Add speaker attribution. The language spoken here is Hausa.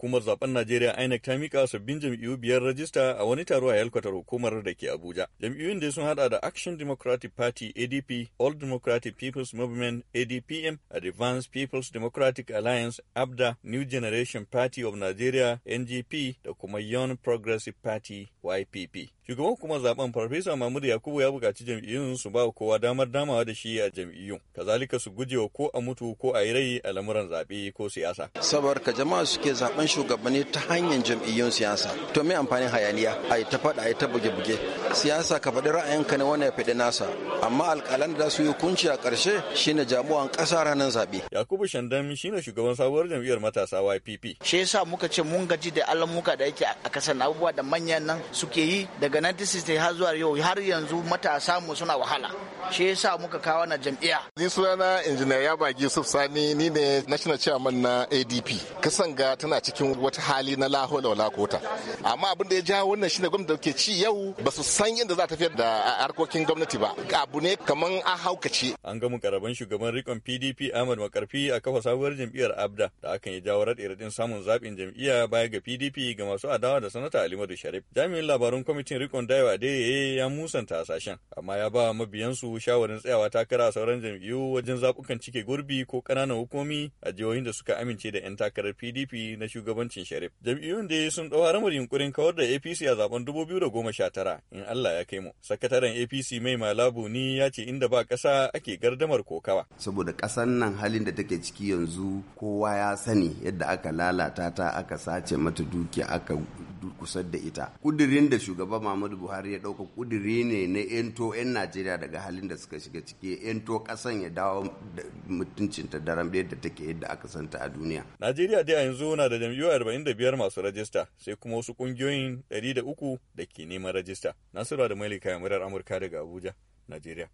Speaker 1: Hukumar zaben Najeriya INEC ta mika sabbin jam'iyyu biyar rajista a wani taro a yalkwatar hukumar da ke Abuja. Jam'iyyun da sun hada da Action Democratic Party ADP, All Democratic People's Movement ADPM, Advanced People's Democratic Alliance ABDA, New Generation Party of Nigeria NGP da kuma Young Progressive Party YPP. Shugaban kuma zaben Farfesa Mahmud Yakubu ya buƙaci jam'iyyun su ba kowa damar damawa da shi a jam'iyyun. Kazalika su gujewa ko a mutu ko a yi rai a lamuran zaɓe ko siyasa. Sabar ka jama'a suke zaben
Speaker 2: shugabanni ta hanyar jam'iyyun siyasa. To me amfanin hayaniya? ayi ta faɗa ayi ta buge-buge. Siyasa ka faɗi ra'ayinka ne wani ya faɗi nasa. Amma alƙalan da su yi kunci a ƙarshe shine
Speaker 1: jamuwan ƙasa ranar zaɓe. Yakubu Shandam shine shugaban sabuwar jam'iyyar matasa YPP. Shi yasa muka
Speaker 3: ce mun gaji
Speaker 1: da alamuka da yake a ƙasar abubuwa da manyan nan suke yi daga ta 1960
Speaker 3: har zuwa yau har yanzu matasa mu suna wahala shi yasa muka kawo na jam'iyya ni sunana
Speaker 4: injiniya yabagi yusuf sani ni ne national chairman na adp kasan ga tana cikin wata hali na lahola wala kota amma abin da ya jawo wannan shine gwamnati da ke ci yau ba su san
Speaker 1: yadda za ta tafiyar da harkokin gwamnati ba abu ne kaman a haukace an gama karaban shugaban rikon pdp ahmad makarfi a kafa sabuwar jam'iyyar abda da akan ya jawo raɗe-raɗin samun zaɓin jam'iyya baya ga pdp ga masu adawa da sanata alimadu sharif jami'in labarun kwamitin rikon daiwa dai eh, ya musanta hasashen amma ya ba mabiyansu shawarin tsayawa takara sauran jam'iyyu wajen zaɓukan cike gurbi ko ƙananan hukumi a jihohin da suka amince da 'yan takarar PDP na shugabancin Sharif. Jam'iyyun dai sun ɗau haramar yunkurin kawar da APC a zaben dubu biyu goma sha tara in Allah ya kai mu. Sakataren APC mai malabu ni ya ce inda ba ƙasa ake gardamar kokawa.
Speaker 3: Saboda ƙasan nan halin da take ciki yanzu kowa ya sani yadda aka lalata ta aka sace mata dukiya aka kusa da ita. Kudirin da shugaba muhammadu buhari ya ɗauka ƙudiri ne na 'yanto 'yan najeriya daga halin da suka shiga ciki 'yanto kasan ya dawo mutuncinta daren da take yadda aka santa a duniya
Speaker 1: najeriya dai a yanzu na da jam'iyyu 45 masu rajista sai kuma wasu ƙungiyoyin 300 da ke neman rajista nasiru da ya murar amurka daga abuja najeriya